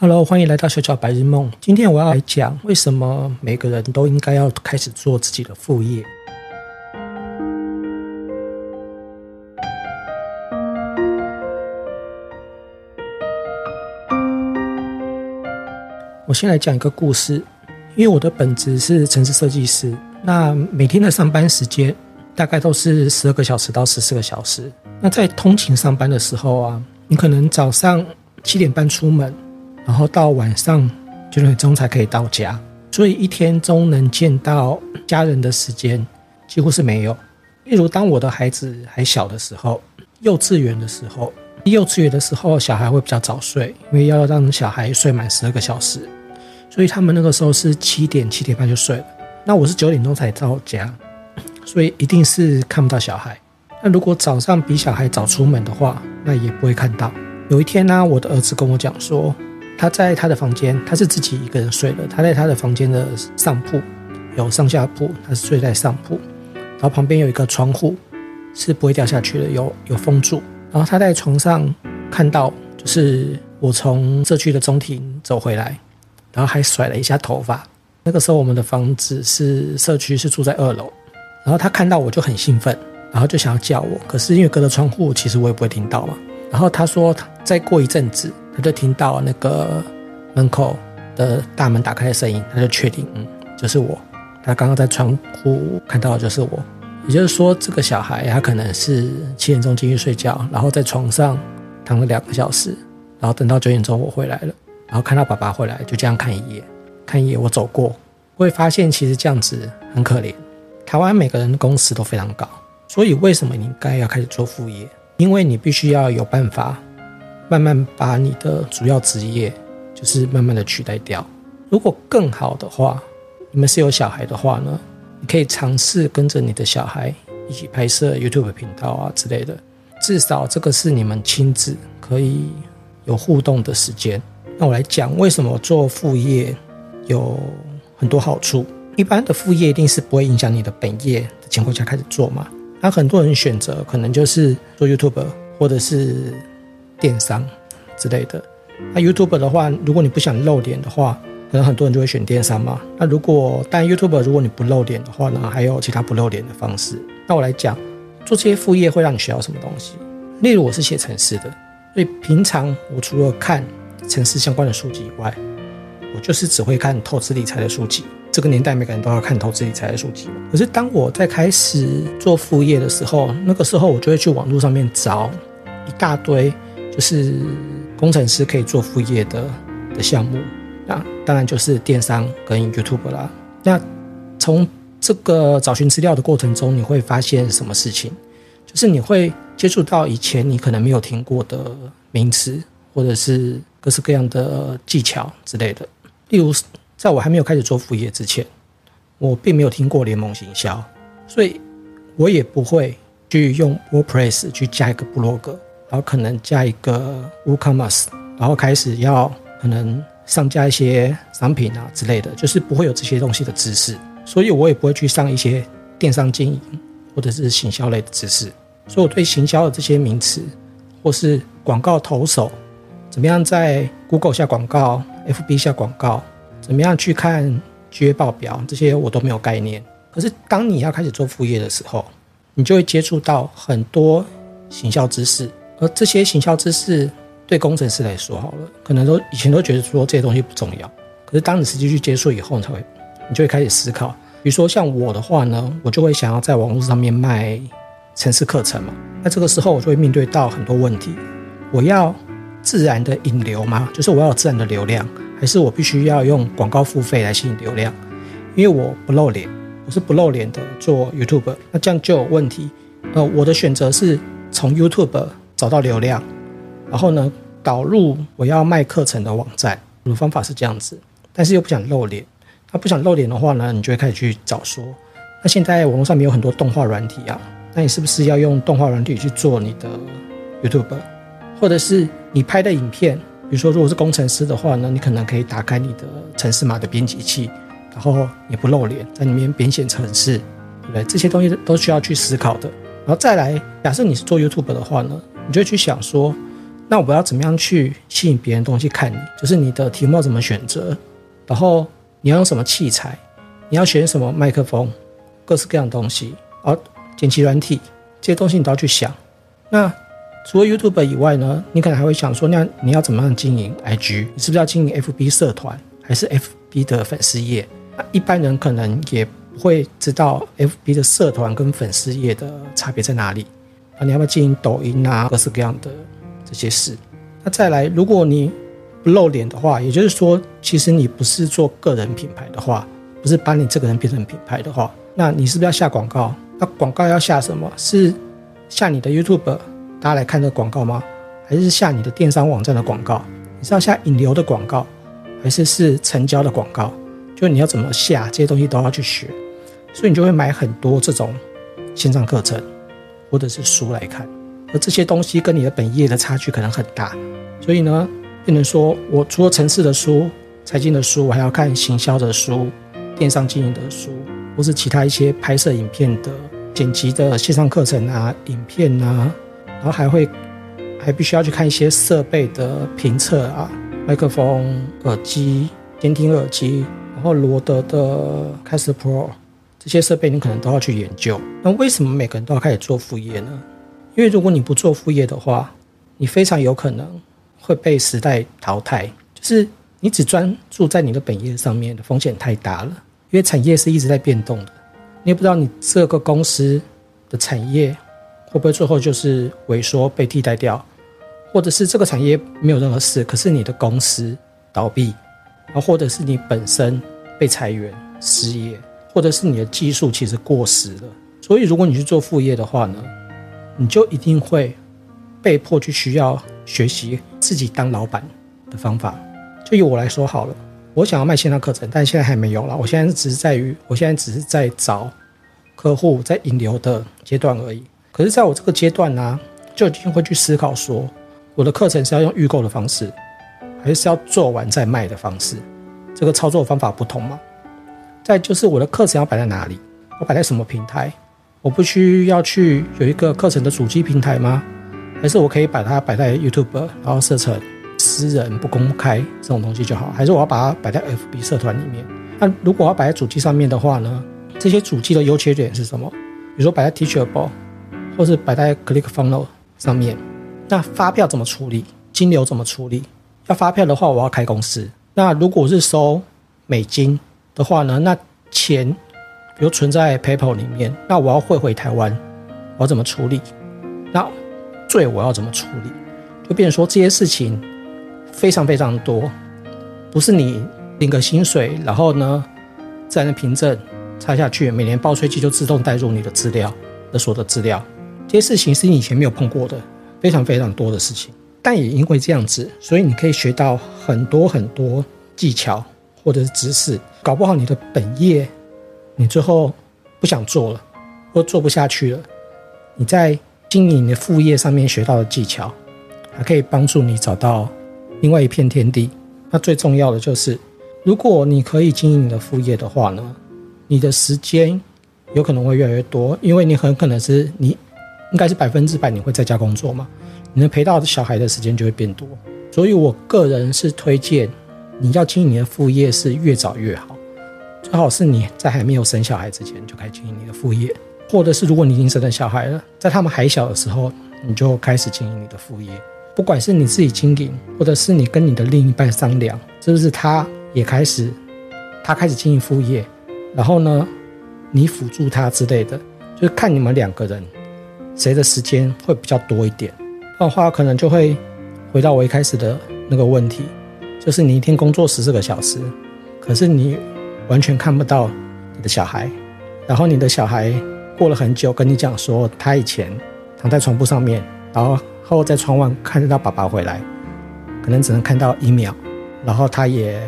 Hello，歡迎來到小小白日夢。今天我要來講為什麼每個人都應該要開始做自己的副業。我先來講一個故事，因為我的本職是城市設計師，那每天的上班時間大概都是十二個小時到十四個小時。那在通勤上班的時候啊，你可能早上七點半出門。然後到晚上九點鐘才可以到家，所以一天中能見到家人的時間幾乎是沒有。例如，當我的孩子還小的時候，幼稚園的時候，幼稚園的時候，小孩會比較早睡，因為要讓小孩睡滿十二個小時，所以他們那個時候是七點七點半就睡了。那我是九點鐘才到家，所以一定是看不到小孩。那如果早上比小孩早出門的話，那也不會看到。有一天呢、啊，我的兒子跟我講說。他在他的房間，他是自己一個人睡的。他在他的房間的上鋪，有上下鋪，他是睡在上鋪。然後旁邊有一個窗戶，是不會掉下去的，有有封住。然後他在床上看到，就是我從社區的中庭走回來，然後還甩了一下頭髮。那個時候我們的房子是社區是住在二樓，然後他看到我就很興奮，然後就想要叫我，可是因為隔着窗戶，其實我也不會聽到嘛。然後他說再過一陣子。他就聽到那個門口的大門打開的聲音，他就確定，嗯，就是我。他剛剛在窗戶看到的就是我。也就是說，這個小孩他可能是七點鐘進去睡覺，然後在床上躺了兩個小時，然後等到九點鐘我回來了，然後看到爸爸回來，就這樣看一眼，看一眼。我走過，會發現其實這樣子很可憐。台灣每個人的工時都非常高，所以為什麼你應該要開始做副業？因為你必須要有辦法。慢慢把你的主要職業，就是慢慢的取代掉。如果更好的話，你們是有小孩的話呢，你可以嘗試跟着你的小孩一起拍攝 YouTube 頻道啊之類的。至少這個是你們親子可以有互動的時間。那我來講為什麼做副業有很多好處。一般的副業一定是不會影響你的本業的情況下開始做嘛。那很多人選擇可能就是做 YouTube 或者是。電商之類的，那 YouTuber 的話，如果你不想露臉的話，可能很多人就會選電商嘛。那如果但 YouTuber，如果你不露臉的話呢，還有其他不露臉的方式。那我來講，做這些副業會讓你學到什麼東西？例如我是寫程式的，所以平常我除了看程式相關的書籍以外，我就是只會看投資理財的書籍。這個年代每個人都要看投資理財的書籍。可是當我在開始做副業的時候，那個時候我就會去網絡上面找一大堆。就是工程師可以做副業的的項目，那當然就是電商跟 YouTube 啦。那從這個找尋資料的過程中，你會發現什麼事情？就是你會接觸到以前你可能沒有聽過的名詞，或者是各式各樣的技巧之類的。例如，在我還沒有開始做副業之前，我並沒有聽過聯盟行銷，所以我也不會去用 WordPress 去加一個 blog。然後可能加一個 WooCommerce，然後開始要可能上架一些商品啊之類的，就是不會有這些東西的知識，所以我也不會去上一些電商經營或者是行銷類的知識。所以我對行銷的這些名詞，或是廣告投手，怎麼樣在 Google 下廣告，FB 下廣告，怎麼樣去看 GA 報表，這些我都沒有概念。可是當你要開始做副業的時候，你就會接觸到很多行銷知識。而這些行銷知識對工程師來說，好了，可能都以前都覺得說這些東西不重要。可是當你實際去接觸以後，你才會，你就會開始思考。比如說像我的話呢，我就會想要在網絡上面賣程式課程嘛。那這個時候我就會面對到很多問題：我要自然的引流嗎？就是我要有自然的流量，還是我必須要用廣告付費來吸引流量？因為我不露臉，我是不露臉的做 YouTube。那這樣就有問題。呃，我的選擇是從 YouTube。找到流量，然後呢，導入我要賣課程的網站。如、這個、方法是這樣子，但是又不想露臉。他不想露臉的話呢，你就會開始去找說，那現在網絡上面有很多動畫軟體啊，那你是不是要用動畫軟體去做你的 YouTube，或者是你拍的影片？比如說，如果是工程師的話呢，你可能可以打開你的程式碼的編輯器，然後也不露臉在裡面編寫程式，對不對？這些東西都需要去思考的。然後再來，假設你是做 YouTube 的話呢？你就去想說，那我要怎麼樣去吸引別人東西看你？就是你的題目要怎麼選擇，然後你要用什麼器材，你要選什麼麥克風，各式各樣的東西，而、哦、剪輯軟體，這些東西你都要去想。那除了 YouTube 以外呢，你可能還會想說，那你要，你要怎麼樣經營 IG？你是不是要經營 FB 社團，還是 FB 的粉絲頁？那一般人可能也不會知道 FB 的社團跟粉絲頁的差別在哪裡。啊，你要不要經營抖音啊？各式各樣的這些事。那再來，如果你不露臉的話，也就是說，其實你不是做個人品牌的話，不是把你這個人變成品牌的話，那你是不是要下廣告？那廣告要下什麼？是下你的 YouTube，大家來看這個廣告嗎？還是下你的電商網站的廣告？你是要下引流的廣告，還是是成交的廣告？就你要怎麼下這些東西都要去學。所以你就會買很多這種線上課程。或者是書來看，而這些東西跟你的本業的差距可能很大，所以呢，不能說我除了城市的書、財經的書，我還要看行銷的書、電商經營的書，或是其他一些拍攝影片的、剪輯的線上課程啊、影片啊，然後還會還必須要去看一些設備的評測啊，麥克風、耳機、監聽耳機，然後羅德的 Caster Pro。這些設備你可能都要去研究。那為什麼每個人都要開始做副業呢？因為如果你不做副業的話，你非常有可能會被時代淘汰。就是你只專注在你的本業上面的風險太大了。因為產業是一直在變動的，你也不知道你這個公司的產業會不會最後就是萎縮被替代掉，或者是這個產業沒有任何事，可是你的公司倒閉，啊，或者是你本身被裁員失業。或者是你的技術其實過時了，所以如果你去做副業的話呢，你就一定會被迫去需要學習自己當老闆的方法。就以我來說好了，我想要賣線上課程，但現在還沒有啦，我現在只是在於，我現在只是在找客戶，在引流的階段而已。可是，在我這個階段呢、啊，就一定會去思考說，我的課程是要用預購的方式，還是要做完再賣的方式？這個操作方法不同嘛。再就是我的課程要擺在哪裡？我擺在什麼平台？我不需要去有一個課程的主機平台嗎？還是我可以把它擺在 YouTube，然後設成私人不公開這種東西就好？還是我要把它擺在 FB 社團裡面？那如果我要擺在主機上面的話呢？這些主機的優缺點是什麼？比如說擺在 Teachable 或是擺在 ClickFunnel 上面？那發票怎麼處理？金流怎麼處理？要發票的話，我要開公司。那如果是收美金？的話呢，那錢比如存在 PayPal 裡面，那我要匯回台灣，我要怎麼處理？那稅我要怎麼處理？就變成說這些事情非常非常多，不是你領個薪水，然後呢，自然的憑證拆下去，每年報稅季就自動帶入你的資料的所得資料，這些事情是你以前沒有碰過的，非常非常多的事情。但也因為這樣子，所以你可以學到很多很多技巧。或者是知識，搞不好你的本業，你最後不想做了，或做不下去了，你在經營你的副業上面學到的技巧，還可以幫助你找到另外一片天地。那最重要的就是，如果你可以經營你的副業的話呢，你的時間有可能會越來越多，因為你很可能是你應該是百分之百你會在家工作嘛，你能陪到小孩的時間就會變多。所以我個人是推薦。你要經營你的副業是越早越好，最好是你在還沒有生小孩之前就開始經營你的副業，或者是如果你已經生了小孩了，在他們還小的時候你就開始經營你的副業，不管是你自己經營，或者是你跟你的另一半商量，是不是他也開始，他開始經營副業，然後呢，你輔助他之類的，就是看你們兩個人誰的時間會比較多一點，不然的話可能就會回到我一開始的那個問題。就是你一天工作十四個小時，可是你完全看不到你的小孩，然後你的小孩過了很久跟你講說，他以前躺在床鋪上面，然後在窗外看得到爸爸回來，可能只能看到一秒，然後他也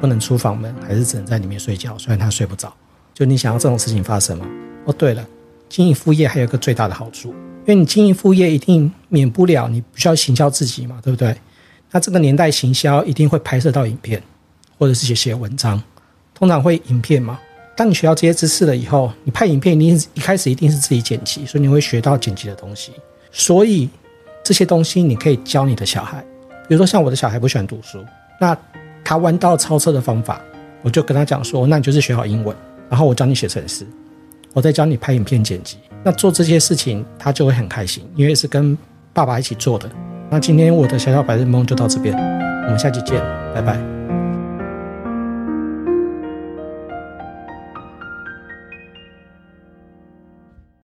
不能出房門，還是只能在裡面睡覺，雖然他睡不着。就你想要這種事情發生嗎？哦，對了，經營副業還有一個最大的好處，因為你經營副業一定免不了你不需要行銷自己嘛，對不對？那這個年代行銷一定會拍攝到影片，或者是寫寫文章，通常會影片嘛。當你學到這些知識了以後，你拍影片一定是一開始一定是自己剪輯，所以你會學到剪輯的東西。所以這些東西你可以教你的小孩，比如說像我的小孩不喜歡讀書，那他彎道超車的方法，我就跟他講說，那你就是學好英文，然後我教你寫程式，我再教你拍影片剪輯。那做這些事情，他就會很開心，因為是跟爸爸一起做的。那今天我的小小白日夢就到這邊，我們下期見，拜拜。